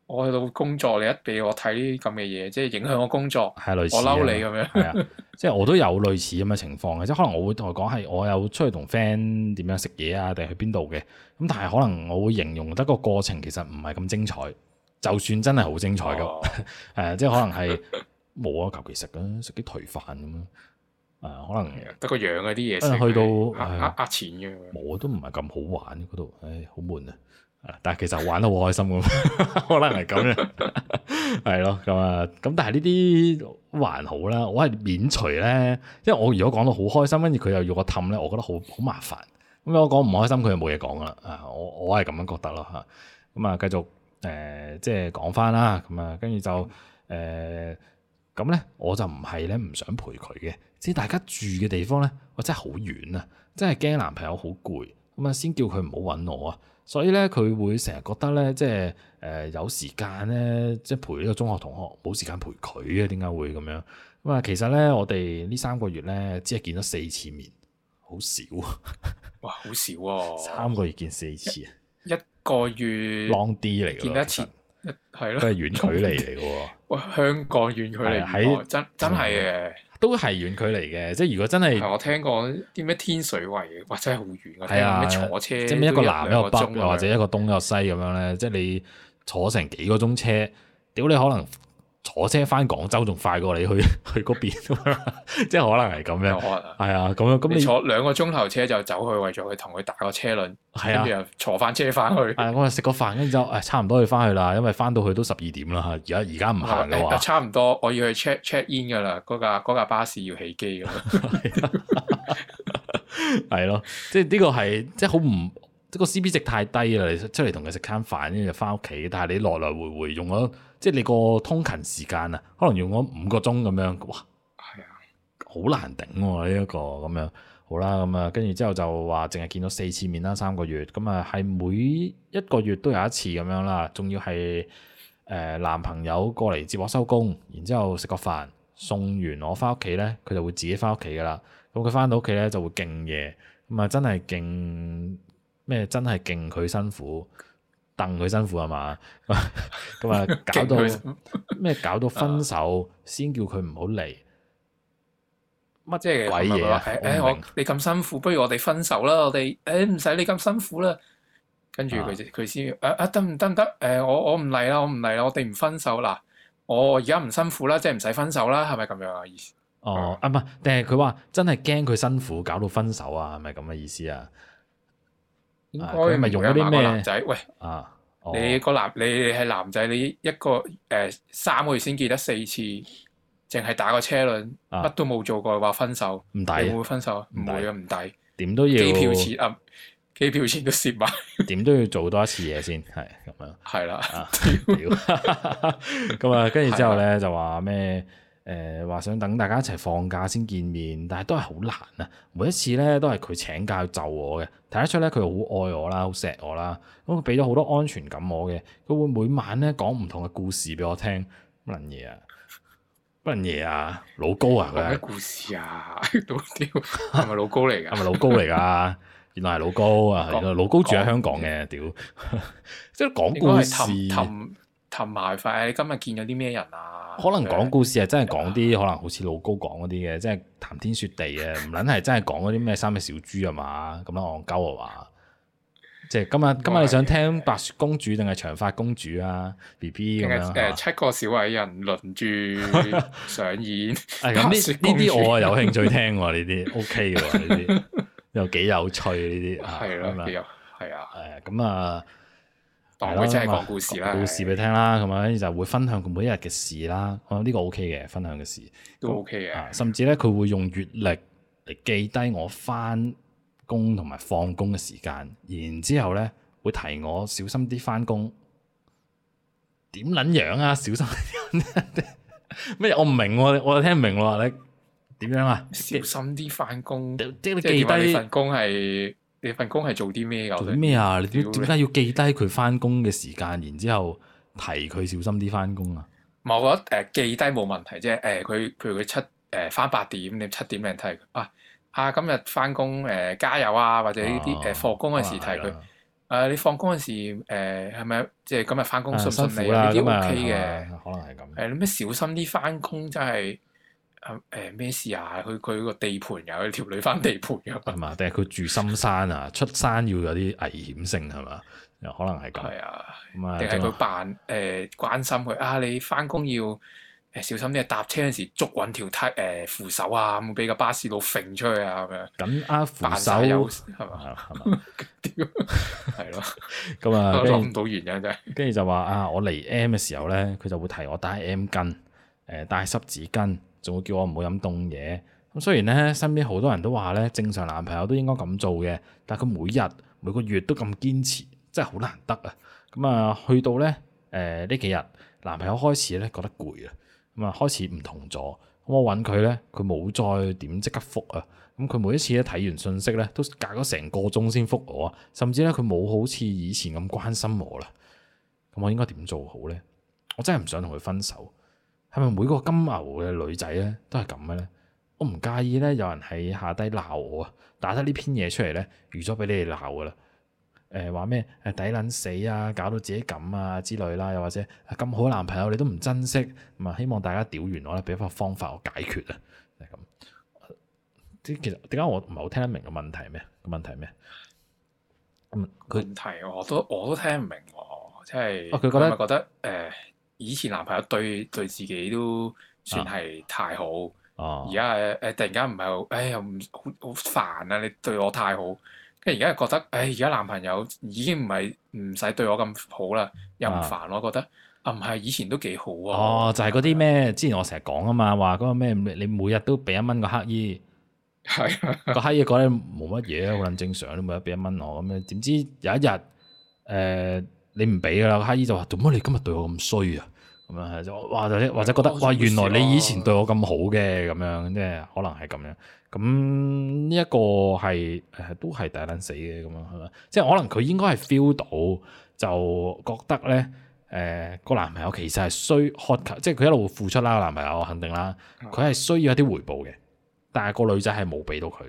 我喺度工作，你一俾我睇啲咁嘅嘢，即係影響我工作，類似我嬲你咁樣。係啊的，即係 (laughs) 我都有類似咁嘅情況嘅，即係可能我會同佢講係我有出去同 friend 點樣食嘢啊，定係去邊度嘅。咁但係可能我會形容得個過程其實唔係咁精彩，就算真係好精彩咁，誒、哦，即係可能係冇啊，求其食啦，食啲頹飯咁啊，可能得個樣啊啲嘢去到呃呃呃錢嘅，我都唔係咁好玩嗰度，唉、哎，好悶啊！但係其實玩得好開心咁，可能係咁樣，係咯咁啊。咁但係呢啲還好啦，我係免除咧，因為我如果講到好開心，跟住佢又要我氹咧，我覺得好好麻煩。咁我講唔開心，佢又冇嘢講啦。啊，我我係咁樣覺得咯吓。咁啊，繼續誒，即係講翻啦。咁啊，跟住就誒，咁咧我就唔係咧，唔想陪佢嘅。即係大家住嘅地方咧，我真係好遠啊，真係驚男朋友好攰。咁啊，先叫佢唔好揾我啊。所以咧，佢會成日覺得咧，即係誒有時間咧，即係陪呢個中學同學，冇時間陪佢啊？點解會咁樣？咁啊，其實咧，我哋呢三個月咧，只係見咗四次面，好少。 (laughs) 哇！好少、啊、三個月見四次啊，一個月 long 啲嚟㗎，見得實一次，係咯，都係遠距離嚟㗎喎。哇！ (laughs) 香港遠距離喺、啊哦、真等等真係嘅。都係遠距離嘅，即係如果真係，我聽講啲咩天水圍，或者係好遠，嗰啲咩坐車的，即係一個南一個北，或者一個東的一個西咁樣咧，即係你坐成幾個鐘車，屌你可能。坐車翻廣州仲快過你去去嗰邊， (laughs) 即係可能係咁樣，係、嗯嗯、啊，咁樣咁你坐兩個鐘頭車就走去，為咗去同佢打個車輪，係啊，坐翻車翻去。係、啊哎、我咪食個飯，跟住就誒、哎，差唔多要翻去啦，因為翻到去都十二點啦。而家而家唔行啊，嗯哎、差唔多我要去 check check in 噶啦，嗰架嗰架巴士要起機。係咯，即係呢個係即係好唔，即個 C P 值太低啦。出嚟同佢食餐飯，跟住翻屋企，但係你來，來來回回用咗。用即係你個通勤時間啊，可能用咗五個鐘咁樣，哇，係的啊，好難頂呢一個咁樣。好啦，咁、嗯、啊，跟住之後就話淨係見咗四次面啦，三個月。咁、嗯、啊，係每一個月都有一次咁樣啦。仲要係誒、呃、男朋友過嚟接我收工，然之後食個飯，送完我翻屋企咧，佢就會自己翻屋企噶啦。咁佢翻到屋企咧就會勁夜，咁啊真係勁咩？真係勁佢辛苦。戥佢辛苦啊嘛，咁 (laughs) 啊搞到咩 (laughs) 生？搞到分手先叫佢唔好嚟，乜即係鬼嘢話？誒、啊哎，我你咁辛苦，不如我哋分手啦！我哋誒唔使你咁辛苦啦。跟住佢佢先誒誒，得唔得唔得？誒、啊啊，我我唔嚟啦，我唔嚟啦，我哋唔分手啦。我而家唔辛苦啦，即係唔使分手啦，係咪咁樣啊意思？哦、啊， (laughs) 啊唔係，定係佢話真係驚佢辛苦，搞到分手啊？係咪咁嘅意思啊？ (laughs) 應該咪用一男個男仔？喂，你個男你係男仔，你一個誒三個月先見得四次，淨係打個車輪，乜都冇做過，話分手唔抵，會唔會分手啊？唔會啊，唔抵。點都要機票錢啊，機票錢都蝕埋。點都要做多一次嘢先，係咁樣。係啦。咁啊，跟住之後咧就話咩？誒，話、呃、想等大家一齊放假先見面，但係都係好難啊！每一次咧都係佢請假去就我嘅，睇得出咧佢好愛我啦，好錫我啦，咁佢俾咗好多安全感我嘅。佢會每晚咧講唔同嘅故事俾我聽。乜嘢啊？乜嘢啊？老高啊！佢咩故事啊？屌，係咪老高嚟噶？係咪 (laughs) 老高嚟噶？ (laughs) 原來係老高啊！老高住喺香港嘅，屌，即係講故事。氹氹埋快，你今日見咗啲咩人啊？可能講故事係真係講啲可能好似老高講嗰啲嘅，即係談天說地啊！唔撚係真係講嗰啲咩三隻小豬啊嘛，咁樣戇鳩啊嘛。話即係今日，今日你想聽白雪公主定係長髮公主啊？B B 咁樣誒，七個小矮人輪住上演。誒咁呢？呢啲我啊有興趣聽喎，呢啲 OK 喎，呢啲又幾有趣呢啲。係咯，幾有係啊？咁啊！.係啦，咁啊，故事俾你聽啦，咁啊是，樣就會分享每一日嘅事啦。啊，呢個 O K 嘅，分享嘅事都 O K 嘅。甚至咧，佢會用月曆嚟記低我翻工同埋放工嘅時間，然之後咧會提我小心啲翻工。點捻樣，樣啊？小心啲。咩？ (laughs) 我唔明、啊，我聽唔明喎、啊。你點樣，樣啊？小心啲翻工，即係記低份工係。你份工係做啲咩嘅？做咩啊？你點點解要記低佢翻工嘅時間，然之後提佢小心啲翻工啊？唔係、嗯、我覺得誒、呃、記低冇問題即係。誒、呃、佢譬如佢七誒翻、呃、八點，你七點零提佢啊。啊今日翻工誒加油啊，或者呢啲誒放工嗰陣時提佢。啊你放工嗰陣時誒係咪即係今日翻工順利啊？呢啲 O K 嘅，可能係咁。誒你咩小心啲翻工真係～誒咩事啊？佢佢個地盤又去調理翻地盤，咁係嘛？定係佢住深山啊？出山要有啲危險性係嘛？又可能係咁係啊？定係佢扮誒關心佢啊？你翻工要誒小心啲，搭車嗰時捉穩條梯誒扶手啊，唔好俾個巴士佬揈出去啊咁樣。咁啊扶手有係嘛係嘛？係咯咁啊，諗唔到原因啫。跟住就話啊，我嚟 M 嘅時候咧，佢就會提我帶 M 巾，誒帶濕紙巾。仲會叫我唔好飲凍嘢。咁雖然咧，身邊好多人都話咧，正常男朋友都應該咁做嘅。但係佢每日每個月都咁堅持，真係好難得啊！咁啊，去到咧，誒、呃、呢幾日男朋友開始咧覺得攰啊，咁啊開始唔同咗。咁我揾佢咧，佢冇再點即刻復啊。咁佢每一次咧睇完信息咧，都隔咗成個鐘先復我啊。甚至咧佢冇好似以前咁關心我啦。咁我應該點做好咧？我真係唔想同佢分手。係咪每個金牛嘅女仔咧都係咁嘅咧？我唔介意咧，有人喺下低鬧我、呃、啊！打咗呢篇嘢出嚟咧，預咗俾你哋鬧噶啦。誒，話咩？誒，抵捻死啊！搞到自己咁啊之類啦，又或者咁、啊、好男朋友你都唔珍惜咁啊！希望大家屌完我咧，俾翻個方法我解決啊！係、就、咁、是。即其實點解我唔係好聽得明個問題咩？個問題咩？咁佢提我都我都聽唔明喎，即係佢、啊、覺得是是覺得誒。呃以前男朋友對對自己都算係太好，而家誒誒突然間唔係，唉、哎、又唔好好煩啊！你對我太好，跟住而家又覺得，唉而家男朋友已經唔係唔使對我咁好啦，又唔煩、啊啊、我覺得，啊唔係以前都幾好啊，哦、就係嗰啲咩之前我成日講啊嘛，話嗰個咩你每日都俾一蚊個乞衣，個乞、啊、衣嗰啲冇乜嘢好撚正常，你每日俾一蚊我咁樣，點知有一日誒？呃呃你唔俾噶啦，哈姨就話，做乜你今日對我咁衰啊？咁樣係就，或者或者覺得，哇，原來你以前對我咁好嘅，咁樣即係可能係咁樣。咁呢、這個、一個係誒都係大膽死嘅咁樣，即係可能佢應該係 feel 到，就覺得咧，誒、呃、個男朋友其實係需渴即係佢一路付出啦，個男朋友肯定啦，佢係需要一啲回報嘅，但係個女仔係冇俾到佢，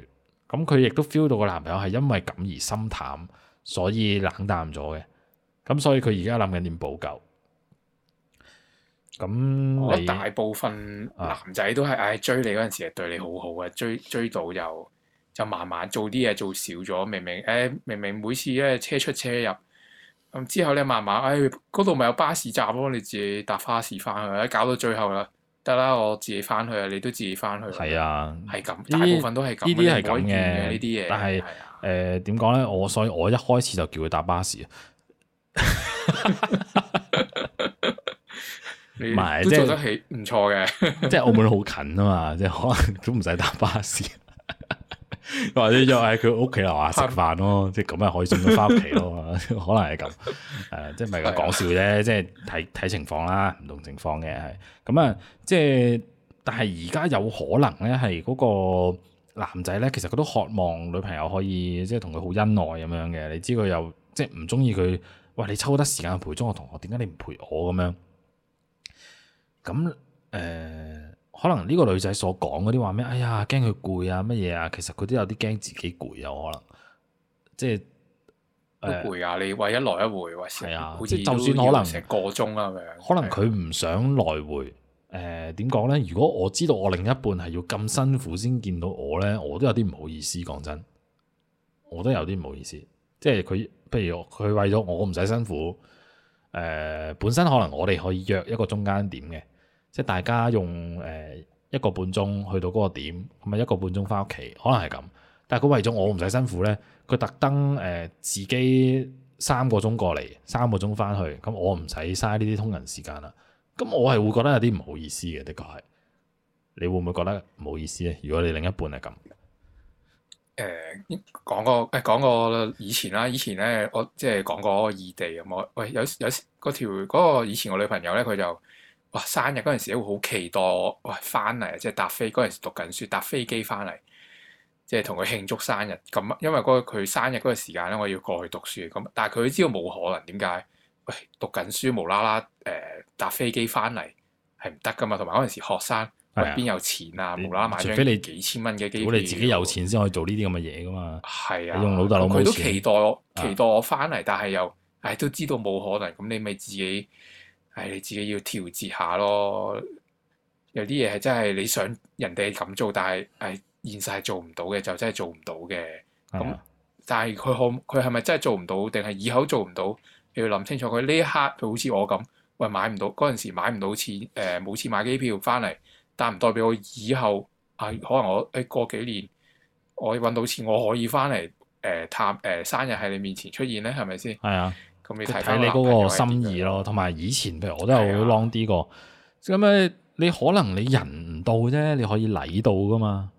咁佢亦都 feel 到個男朋友係因為咁而心淡，所以冷淡咗嘅。咁所以佢而家諗緊點補救。咁我大部分男仔都係唉、啊哎、追你嗰陣時係對你好好嘅，追追到又就，就慢慢做啲嘢做少咗，明明誒、哎、明明每次咧車出車入，咁、嗯、之後你慢慢誒嗰度咪有巴士站咯、啊，你自己搭巴士翻去，搞到最後啦，得啦，我自己翻去啊，你都自己翻去。係啊，係咁，些大部分都係呢啲係咁嘅呢啲嘢。但係誒點講咧？我所以我一開始就叫佢搭巴士啊。唔係， (laughs) 都做得起，唔錯嘅。即係澳門好近啊嘛，即係可能都唔使搭巴士， (laughs) 或者又喺佢屋企樓下食飯咯，即係咁啊，可以送佢翻屋企咯。 (laughs) (laughs) 可能係咁，誒、就是，即係咪咁講笑啫？即係睇睇情況啦，唔同情況嘅係。咁啊，即係，但係而家有可能咧，係嗰個男仔咧，其實佢都渴望女朋友可以即係同佢好恩愛咁樣嘅。你知佢又即係唔中意佢。就是喂，你抽得時間陪中學同學，點解你唔陪我咁樣？咁誒、呃，可能呢個女仔所講嗰啲話咩？哎呀，驚佢攰啊，乜嘢啊？其實佢都有啲驚自己攰啊，可能即係攰、呃、啊！你喂一來一回，喂，係啊，以即就算可能成個鐘啊，咁樣，可能佢唔想來回。誒、啊，點講咧？如果我知道我另一半係要咁辛苦先見到我咧，我都有啲唔好意思。講真，我都有啲唔好意思。即係佢，譬如佢為咗我唔使辛苦，誒、呃、本身可能我哋可以約一個中間點嘅，即係大家用誒一個半鐘去到嗰個點，咁啊一個半鐘翻屋企，可能係咁。但係佢為咗我唔使辛苦咧，佢特登誒自己三個鐘過嚟，三個鐘翻去，咁我唔使嘥呢啲通勤時間啦。咁我係會覺得有啲唔好意思嘅，的確係。你會唔會覺得唔好意思啊？如果你另一半係咁？誒、呃、講個誒、哎、講個以前啦，以前咧我即係講過異地咁，我、嗯、喂有有嗰條嗰、嗰個以前我女朋友咧，佢就哇生日嗰陣時會好期待我喂翻嚟，即係搭飛嗰陣時讀緊書搭飛機翻嚟，即係同佢慶祝生日咁，因為嗰、嗰、佢、個、生日嗰個時間咧，我要過去讀書咁，但係佢知道冇可能，點解？喂，讀緊書無啦啦誒搭飛機翻嚟係唔得噶嘛，同埋嗰陣時學生。邊喂、啊、有錢啊？無啦啦，買除非你幾千蚊嘅機票，你自己有錢先可以做呢啲咁嘅嘢噶嘛。係啊，用老豆老母錢。佢都期待、啊、期待我翻嚟，但係又，唉、哎，都知道冇可能。咁你咪自己，唉、哎，你自己要調節下咯。有啲嘢係真係你想人哋咁做，但係，唉、哎，現實係做唔到嘅，就真係做唔到嘅。咁、啊，但係佢可佢係咪真係做唔到，定係以後做唔到？你要諗清楚。佢呢一刻，佢好似我咁，喂，買唔到嗰陣時買唔到錢，誒、呃，冇錢買機票翻嚟。但唔代表我以後啊，可能我誒過幾年我揾到錢，我可以翻嚟誒探誒生日喺你面前出現咧，係咪先？係啊，咁睇你嗰個心意咯。同埋以前譬如我都有 long 啲過，咁咧你可能你人唔到啫，你可以嚟到噶嘛。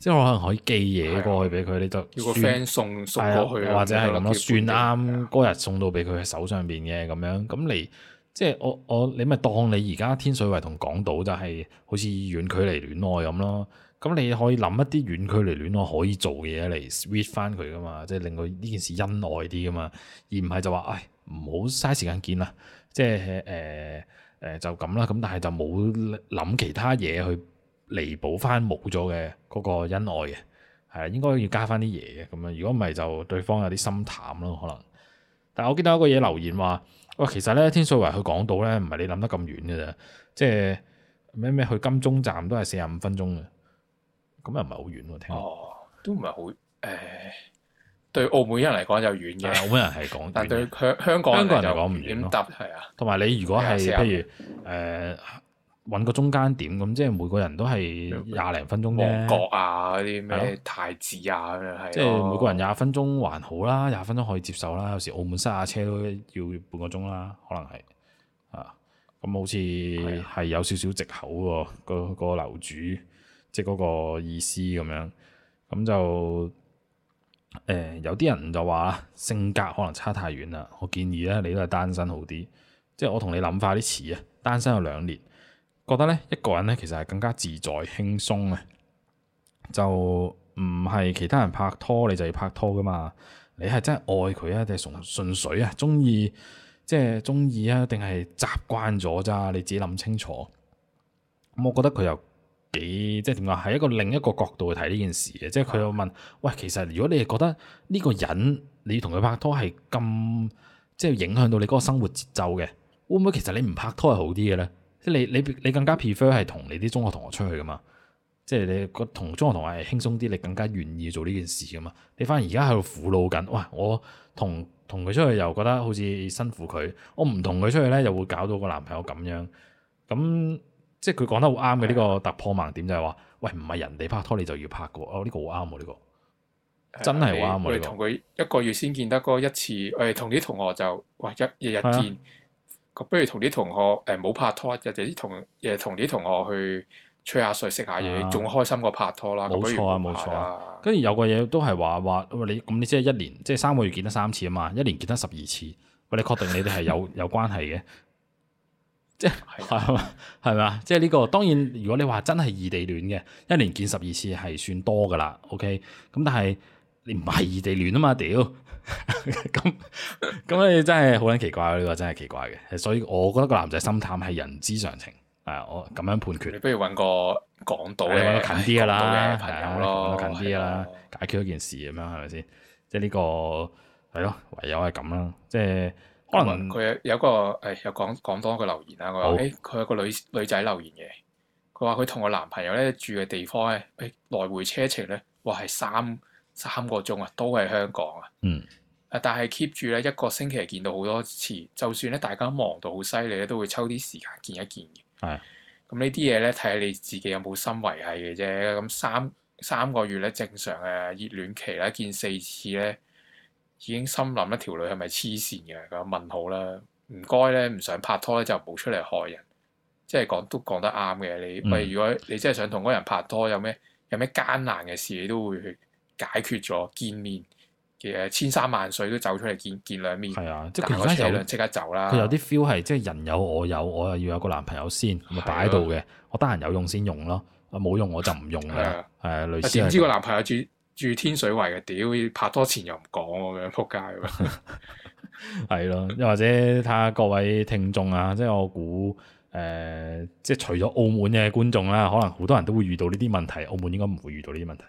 即係我可能可以寄嘢過去俾佢，你就叫個 friend 送送過去，或者係咁樣，算啱嗰日送到俾佢喺手上邊嘅咁樣，咁你。即係我我你咪當你而家天水圍同港島就係好似遠距離戀愛咁咯，咁你可以諗一啲遠距離戀愛可以做嘅嘢嚟 sweet 翻佢噶嘛，即係令佢呢件事恩愛啲噶嘛，而唔係就話唉，唔好嘥時間見啦，即係誒誒就咁啦，咁但係就冇諗其他嘢去彌補翻冇咗嘅嗰個恩愛嘅，係應該要加翻啲嘢嘅咁樣，如果唔係就對方有啲心淡咯可能。但係我見到有個嘢留言話：哇、哦，其實咧天水圍去港島咧，唔係你諗得咁遠嘅啫，即係咩咩去金鐘站都係四十五分鐘嘅，咁又唔係好遠喎。聽、哦、都唔係好誒，對澳門人嚟講就遠嘅，澳門人係講，但對香港香港人嚟講唔遠點答。係啊，同埋你如果係、啊、譬如誒。呃搵個中間點咁，即係每個人都係廿零分鐘啫。國啊嗰啲咩太子啊咁樣，即係、啊、每個人廿分鐘還好啦，廿分鐘可以接受啦。有時澳門塞下車都要半個鐘啦，可能係啊。咁好似係有少少藉口喎，個、啊、個樓主即係嗰個意思咁樣。咁就誒、呃、有啲人就話性格可能差太遠啦。我建議咧，你都係單身好啲，即係我同你諗法啲似啊。單身有兩年。覺得咧，一個人咧，其實係更加自在輕鬆啊！就唔係其他人拍拖，你就要拍拖噶嘛？你係真係愛佢啊，定係純純粹啊？中意即係中意啊，定係習慣咗咋？你自己諗清楚。咁我覺得佢又幾即係點講？喺一個另一個角度去睇呢件事嘅，即係佢又問：喂，其實如果你係覺得呢個人，你同佢拍拖係咁，即係影響到你嗰個生活節奏嘅，會唔會其實你唔拍拖係好啲嘅咧？即係你你你更加 prefer 係同你啲中學同學出去噶嘛？即係你同中學同學係輕鬆啲，你更加願意做呢件事噶嘛？你反而而家喺度苦惱緊，哇！我同同佢出去又覺得好似辛苦佢，我唔同佢出去咧又會搞到個男朋友咁樣。咁即係佢講得好啱嘅呢個突破盲點就係話：喂，唔係人哋拍拖你就要拍個，哦呢個好啱喎，呢個真係好啱喎。我哋同佢一個月先見得嗰一次，我哋同啲同學就哇一日日見。不如同啲同學誒冇、欸、拍拖，又同誒同啲同學去吹下水，食下嘢，仲、啊、開心過拍拖啦。冇錯啊，冇錯啊。跟住有個嘢都係話話，你咁你即係一年即係三個月見得三次啊嘛，一年見得十二次，喂你確定你哋係有 (laughs) 有關係嘅？即係係咪啊？即係呢、這個當然，如果你話真係異地戀嘅，一年見十二次係算多噶啦。OK，咁但係你唔係異地戀啊嘛屌！咁咁你真係好撚奇怪咯，呢個 (laughs) 真係奇怪嘅。所以我覺得個男仔心淡係人之常情，係我咁樣判決。你不如揾個港島，你揾個近啲噶啦，朋友咯，揾個近啲啦，的解決一件事咁樣係咪先？即係呢個係咯，唯有係咁啦。即係那可能佢有個誒、哎，有講講多個留言啦。佢話誒，佢好、哎、有個女女仔留言嘅，佢話佢同個男朋友咧住嘅地方咧，誒、哎、來回車程咧，話係三。三個鐘啊，都係香港啊。嗯。啊、但係 keep 住咧一個星期見到好多次，就算咧大家忙到好犀利咧，都會抽啲時間見一見嘅。係、嗯。咁、嗯、呢啲嘢咧，睇下你自己有冇心維係嘅啫。咁三三個月咧，正常嘅熱戀期咧，見四次咧，已經心諗一條女係咪黐線嘅咁問好啦。唔該咧，唔想拍拖咧就唔好出嚟害人，即係講都講得啱嘅。你喂，嗯、如果你真係想同嗰個人拍拖，有咩有咩艱難嘅事，你都會去。解決咗見面嘅千山萬水，都走出嚟見見兩面。係啊，即係佢而家有即刻走啦。佢有啲 feel 係即係人有我有，我又要有個男朋友先，咁咪擺喺度嘅。我得閒有用先用咯，我冇用我就唔用啦。係、啊啊、類似。點知個男朋友住住天水圍嘅？屌，拍拖前又唔講咁樣，撲街咁樣。係咯，又、 (laughs) (laughs) 啊、或者睇下各位聽眾啊，即係我估。誒、呃，即係除咗澳門嘅觀眾啦，可能好多人都會遇到呢啲問題。澳門應該唔會遇到呢啲問題。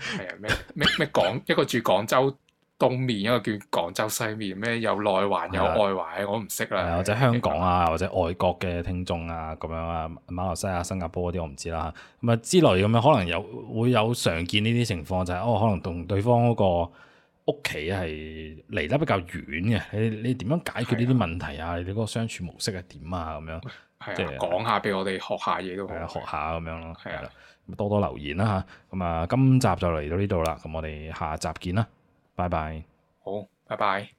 係 (laughs) 啊，咩咩咩廣一個住廣州東面，一個叫廣州西面，咩有內環有外環，的我唔識啦。或者香港啊，的或者外國嘅聽眾啊，咁樣啊，馬來西亞、新加坡嗰啲我唔知啦、啊。咁啊之類咁樣，可能有會有常見呢啲情況就係、是，哦，可能同對方嗰個屋企係離得比較遠嘅，你你點樣解決呢啲問題啊？的你嗰個相處模式係點啊？咁樣。即係講下俾我哋學下嘢都好，學下咁樣咯。係啊啦，咁多多留言啦嚇。咁啊，今集就嚟到呢度啦。咁我哋下集見啦。拜拜。好，拜拜。